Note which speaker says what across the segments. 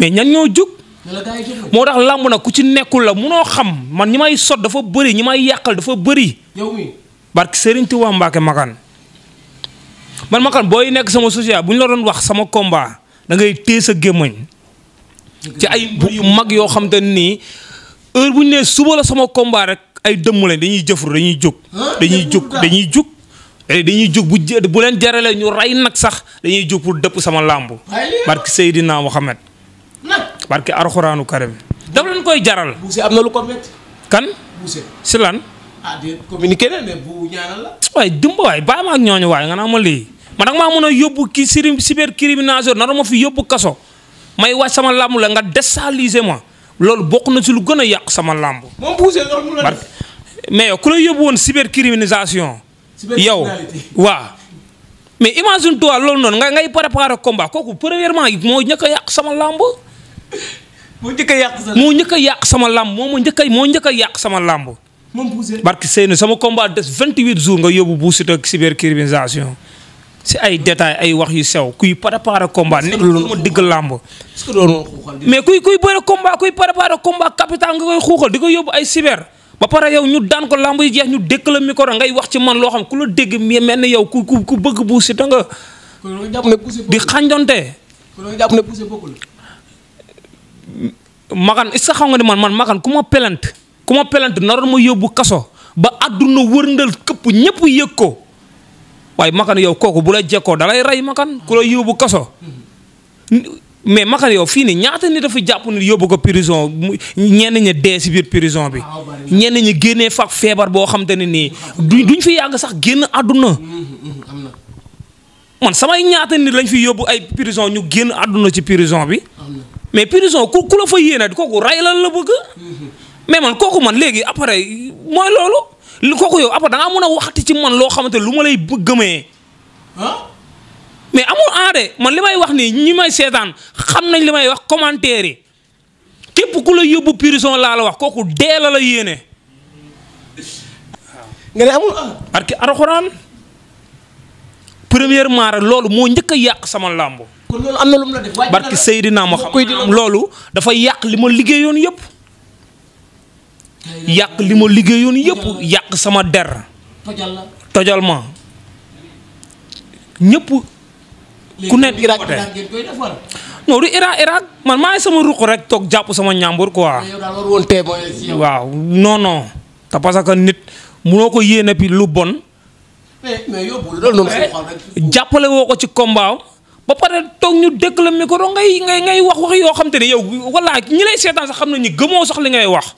Speaker 1: mais ñan ñoo juk mo tax lamb nag ku ci nekkul la mëno xam man ñi may sot dafa bëri ñi may dafa bëri barki serigne touba mbake makan man makan boy nek sama social buñ la doon wax sama combat da ngay téye sa gémmañ ci ay yu mag yo xam tan ni heure buñ né suba la sama combat rek ay dëmm lañ dañuy jëfru dañuy juk dañuy juk dañuy jóg dañuy juk eh, bu bu len jarale ñu ray nak sax dañuy juk pour depp sama lamb barki sayidina muhammad barke arxuraanu karim daf leen koy jaral. kan. si lan. ah di communiqué na ne bu la. waaye dimba waay bàyyi ma ak ñooñu waay nga naa ma lii man nag maa mën a yóbbu kii cybercriminalisation nar ma fi yóbbu kaso may wàcc sama làmb la nga déstabiliser ma loolu bokk na si lu gën a yàq sama làmb. moom Boucher loolu mun na def yow ku la yóbbu woon cybercriminalisation. yow waaw. mais imagine toi loolu noonu nga ngay préparer combat kooku premièrement moo ñëkk a yàq sama làmb. moo njëkk a yàq sa yàq sama làmb moo ma njëkk a moo njëkk a yàq sama làmb. moom Boucher. barki Seyni sama combat des 28 jours nga yóbbu Boucher ak cybercriminalisation si ay détails ay wax yu sew kuy préparer combat. nekk lu ma digg làmb. est mais kuy kuy bëre combat kuy préparer combat capital nga koy xuuxal di ko yóbbu ay cyber. ba pare yow ñu daan ko làmb yi jeex ñu dëkk la micro ngay wax ci man loo xam ku la dégg mel ni yow ku ku ku bëgg Boucher da nga. di xànjonte. kon jàpp ne Boucher makan est-ce nga ni man man makan kuma pelant, kuma pelant ma pelante naroon ma ba aduna wërndal kep ñep yëg ko makan yow koku bu la jekko dalay ray makan ku la yóbbu kasso mais makan yow fini ni ñaata ni dafa japp ni yobu ko prison ñen ñi dé ci bir prison bi ñen ñi génnee fak feebar bo xam te ne duñ fi yag sax gën aduna man sama ñaata ni lañ fi yobu ay prison ñu gën aduna ci prison bi mais prison ku ku la fa yéene kooku ray lan la bëgg. mais man kooku man léegi après mooy loolu li kooku yow après da ngaa mën a waxati ci man loo xamante lu ma lay gëmee. mais amul aade man li may wax nii ñi may seetaan xam nañ li may wax commentaire yi képp ku la yóbbu prison laa la wax kooku dee la la yéene. nga ne amul aade. parce que alxuraan premièrement rek loolu moo njëkk a yàq sama làmb barki sayidina Muhammad lolu dafa yak limo ligeyon yep yak limo ligeyon yep yak sama der tojal ma ñëpp ku net Irak no du Irak Irak man ma sama ruq rek tok japp sama ñambur quoi ah, waaw non non ta parce que nit munoo ko pi lu bon eh, eh, jàppale woo woko ci combat ba pare toog ñu dëkk la micro ngay ngay ngay wax wax yoo xam te ne yow walla ñi lay seetaan sax xam nañu gëmoo sax li ngay wax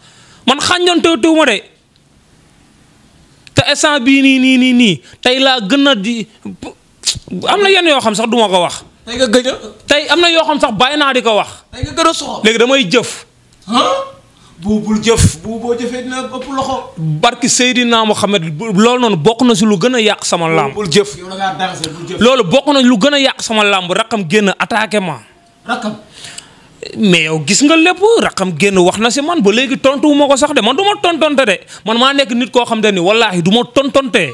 Speaker 1: man xànjoon tew tëw ma de te instant bii nii nii nii nii tey laa gën a di am na yenn yoo xam sax duma ko wax. tey nga gëj tey am na yoo xam sax bàyyi naa di ko wax. tey nga a soxla. léegi damay jëf. bu bul jëf bu boo jëfee dina ëpp loxo. barki Seydina Mohamed loolu noonu bokk na si lu gën a yàq sama làmb. jëf yow da loolu bokk na lu gën a yàq sama làmb rakam génn attaqué ma. rakam. mais yow gis nga lépp rakam génn wax na si man ba léegi tontuwuma ko sax de man du ma tontonte de man maa nekk nit koo xam ne ni wallaahi du ma tontonte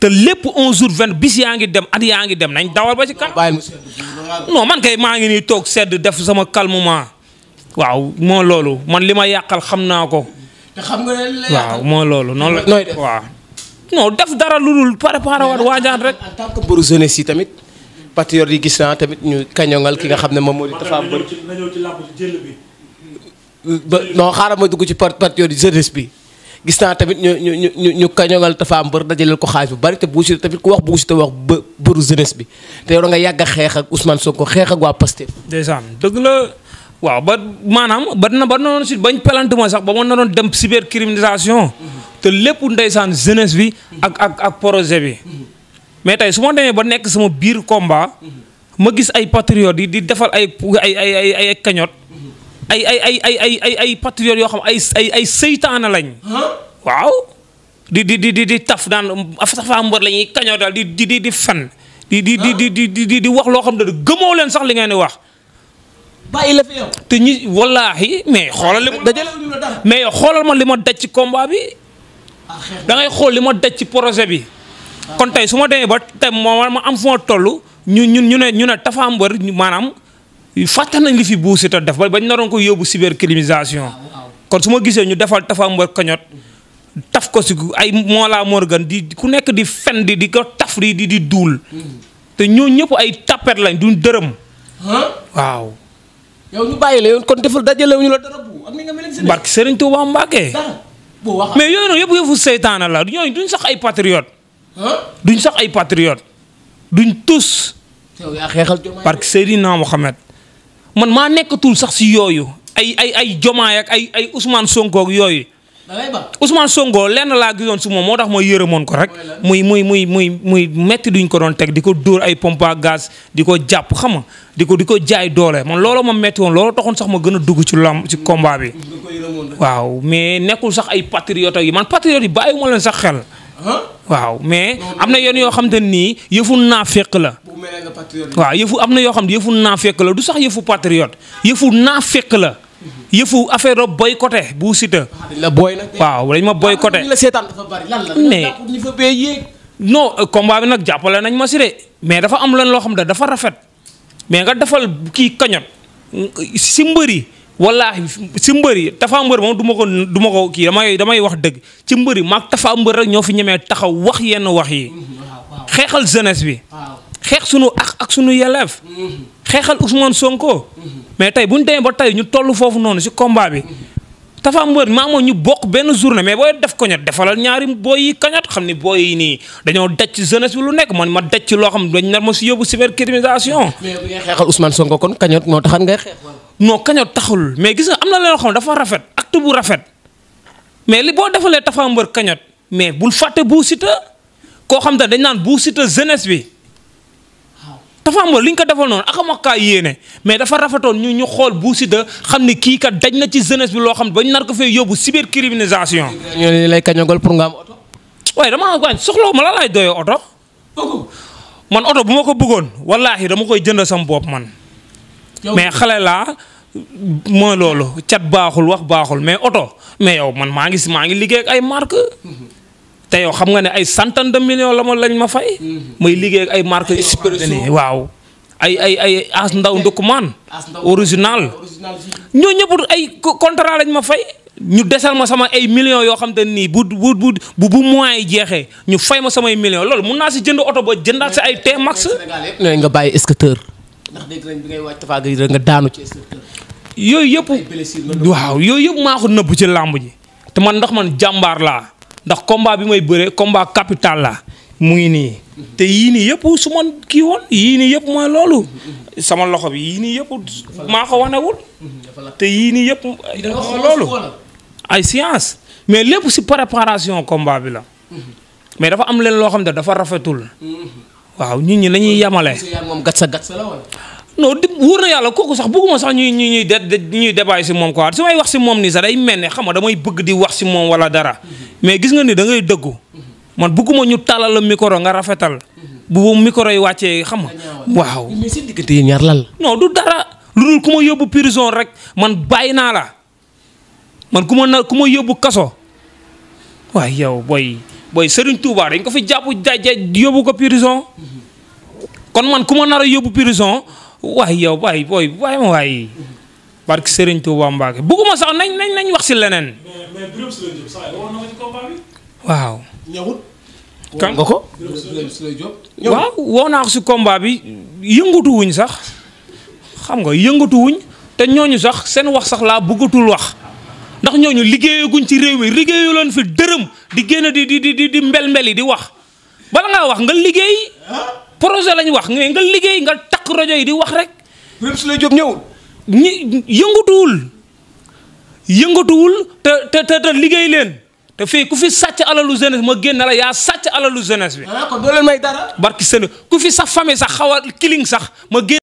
Speaker 1: te lépp un jour vingt bis yaa ngi dem at yaa ngi dem nañ dawal ba ci kan. non man kay maa ngi nii toog sedd def sama calmement. waaw moo loolu man li ma yàqal xam naa ko. xam nga waaw moo loolu noonu la. nooy def waaw. non def dara lu dul préparé waat waajaat rek. en tant que bëru jeunesse yi tamit. patriote yi gis naa tamit ñu kañoŋal ki nga xam ne moom moo di. Tapha ba non xaaral ma dugg ci patriote yi jeunesse bi. gis naa tamit ñu ñu ñu kañongal dafa Tapha Mbeur dajaleel ko xaalis bu bari te Boucher tamit ku wax Boucher te wax bë bëru jeunesse bi te nga yàgg a xeex ak Ousmane ko xeex ak waa Pastef. ndeysaan dëgg la. Wow, ba maanaam ba na ba noonu si bañ pelantuma sax ba ma na dem cybercriminalisation te lépp ndeysaan jeunesse bi ak ak ak projet bi mais tey su ma demee ba nekk sama biir combat ma gis ay patriotes di defal ay ay ay ay ay cagnotte ay ay ay ay ay ay ay patriotes yoo xam ay ay ay seytaane lañ waaw di di di di taf daan afafaa mbër la ñuy cagnotte daal di di di di fan di di di di di di di wax loo xam ne gëmoo leen sax li ngeen di wax bàyyi la fi yow. te ñi wallaahi mais xoolal li ma dajale mais xoolal ma li ma daj ci combat ah, bi. da ngay xool li ma daj ci projet bi. Ah. kon tey su ma demee ba tey moo ma am fu ma toll ñu ñun ñu ne ñu ne Tapha Mbeur maanaam fàtte nañ li fi Bou Siteu def ba bañ naroon ko yóbbu cybercriminalisation ah, kon su ma gisee ñu defal Tapha Mbeur kañot taf ko si ay Mollah Morgan di ku nekk di fen di di ko taf di di duul hmm. te ñoo ñëpp ay tapet lañ duñ dërëm waaw yow ñu bàyyi la yoon kon defal dajale ñu la dara bu ak ni nga mel ni. barke Serigne Touba Mbacke. dara wax mais yooyu noonu yëpp yëfu seytaane la yooyu duñ sax ay patriote. duñ sax ay patriote duñ tus. yow yaa xeexal Diomaye barke Seydina Mohamed man maa nekkatul sax si yooyu ay ay ay Diomaye ak ay ay Ousmane Sonko yooyu. Ousmane Sonko lenn laa gisoon su moom moo tax mooy yërëmoon ko rek muy muy muy muy muy metti duñ ko doon teg di ko dóor ay pompe à di ko jàpp xama di ko di ko jaay doole man looloo ma metti woon looloo taxoon sax ma gën a dugg ci lam ci combat bi waaw mais nekkul sax ay patriote yi man patriote yi bàyyiwuma leen sax xel waaw mais am na yenn yoo xam te nii yëful naa fekk la waaw yëfu am na yoo xam ne yëfu naa fekk la du sax yëfu patriote yëfu naa fekk la yëfu affaire la boycotté bu Siteu. la boy nag waaw lañ ma boycotté. la seetaan dafa bari lan mais ñu fa bee yéeg. non combat bi nag jàppale nañ ma si de mais dafa am lan loo xam ne dafa rafet mais nga defal kii kañot si mbër yi wallaahi si mbër yi tafa mbër moom du ma ko duma ko kii damay damay wax dëgg ci mbër yi maag tafa mbër rek ñoo fi ñemee taxaw wax yenn wax yi xeexal jeunesse bi. xeex sunu ak ak sunu yelleef. Mhm. xeexal Ousmane Sonko. Mhm. mais tey bu ñu demee ba tey ñu toll foofu noonu si combat bi Tapha Mbeur maa moom ñu bokk benn journée mais booy def koñat defalal ñaari booy yi kañat xam ni booy yi nii dañoo daj ci jeunesse bi lu nekk man ma daj ci loo xam dañ nar ma si yóbbu cybercriminalisation. mais bu ngay xeexal Ousmane kon kañat moo taxan ngay xeex. non kañat taxul mais gis nga am na leen xam dafa rafet acte bu rafet mais li boo defalee Tapha Mbeur kañat mais bul fàtte Bou Siteu koo xam te dañ naan bu Siteu jeunesse bi. dafa am li ñu ko defal noonu ak ma yéene mais dafa rafetoon ñu ñu xool Bou Siteu xam ni kii kat daj na ci jeunesse bi loo xam ba ñu nar ko fee yóbbu cybercriminalisation. ñu lay kañagol pour nga am oto. waaye damaa gaañ soxla ma la laay doyee oto. oto bu ma ko bëggoon wallaahi dama koy jënd sam bopp man. mais xale laa mooy loolu cat baaxul wax baaxul mais oto mais yow man maa ngi si maa ngi liggéey ak ay marque mm-hmm. te yow xam nga ne ay ma lañ ma fay. may liggéey ak ay marques yu. waaw ay ay ay as ndaw ndokumaan. original ñoo ñëpp ay ma fay. ñu desal ma sama ay millions yoo xam te nii bu bu bu bu mois yi jeexee ñu fay ma samay millions loolu mun naa si jënd oto ba jëndaat ay T max. nee nga bàyyi escorteur. ndax dégg nañ bi ngay wàcc Tapha Gueye yooyu yëpp. waaw yooyu yëpp maa nëbb ci làmb ji. te man ndax man jàmbaar laa. ndax combat bi may bëre combat capital la mu ngi nii te yii nii yëpp su ma kii woon yii nii yëpp mooy loolu sama loxo bi yii nii yëpp maa wanewul te yii nii yëpp loolu ay science mais lépp si préparation combat bi la mais dafa am leen loo xam ne dafa rafetul waaw nit ñi lañuy yemale moom gat sa gat sa la woon non di wóor na yàlla kooku sax bëgguma sax ñuy ñuy ñuy débat si moom quoi su may wax si moom nii sax day mel ne xam nga damay bëgg di wax si moom wala dara mais gis nga ni da ngay dëggu man bugguma ñu talal la nga rafetal bu bu yi wàccee xam nga waaw. mais seen diggante du dara lu dul ku ma yóbbu prison rek man bàyyi naa la man ku ma na ma yóbbu kaso waaye yow boy booy Serigne Touba dañ ko fi jàpp jaajë yóbbu ko prison kon man ku ma nar a yóbbu prison waaye yow waay booy waay ma waay. barki Serigne Touba Mbacke bugguma sax nañ nañ nañ wax ci lenen mais mais si waaw. ñëwut. kan nga ko. waaw woo naa ko combat bi yëngatu wuñ sax xam nga yëngatu wuñ te ñooñu sax seen wax sax la bugutul wax ndax ñooñu liggéeyaguñ ci réew mi liggéeyu fi deureum di gene di di di di mbel-mbel di wax bala nga wax nga liggéey projet lañ wax nga liggéey nga tak rojo yi di wax rek. ñi yëngatuwul yëngatuwul te te te te liggéey leen te fii ku fi sàcc alalu jeunesse ma génn la yaa sàcc alalu jeunesse bi. may dara. barki sëñ ku fi sax famille sax xaw a kiling sax ma génn.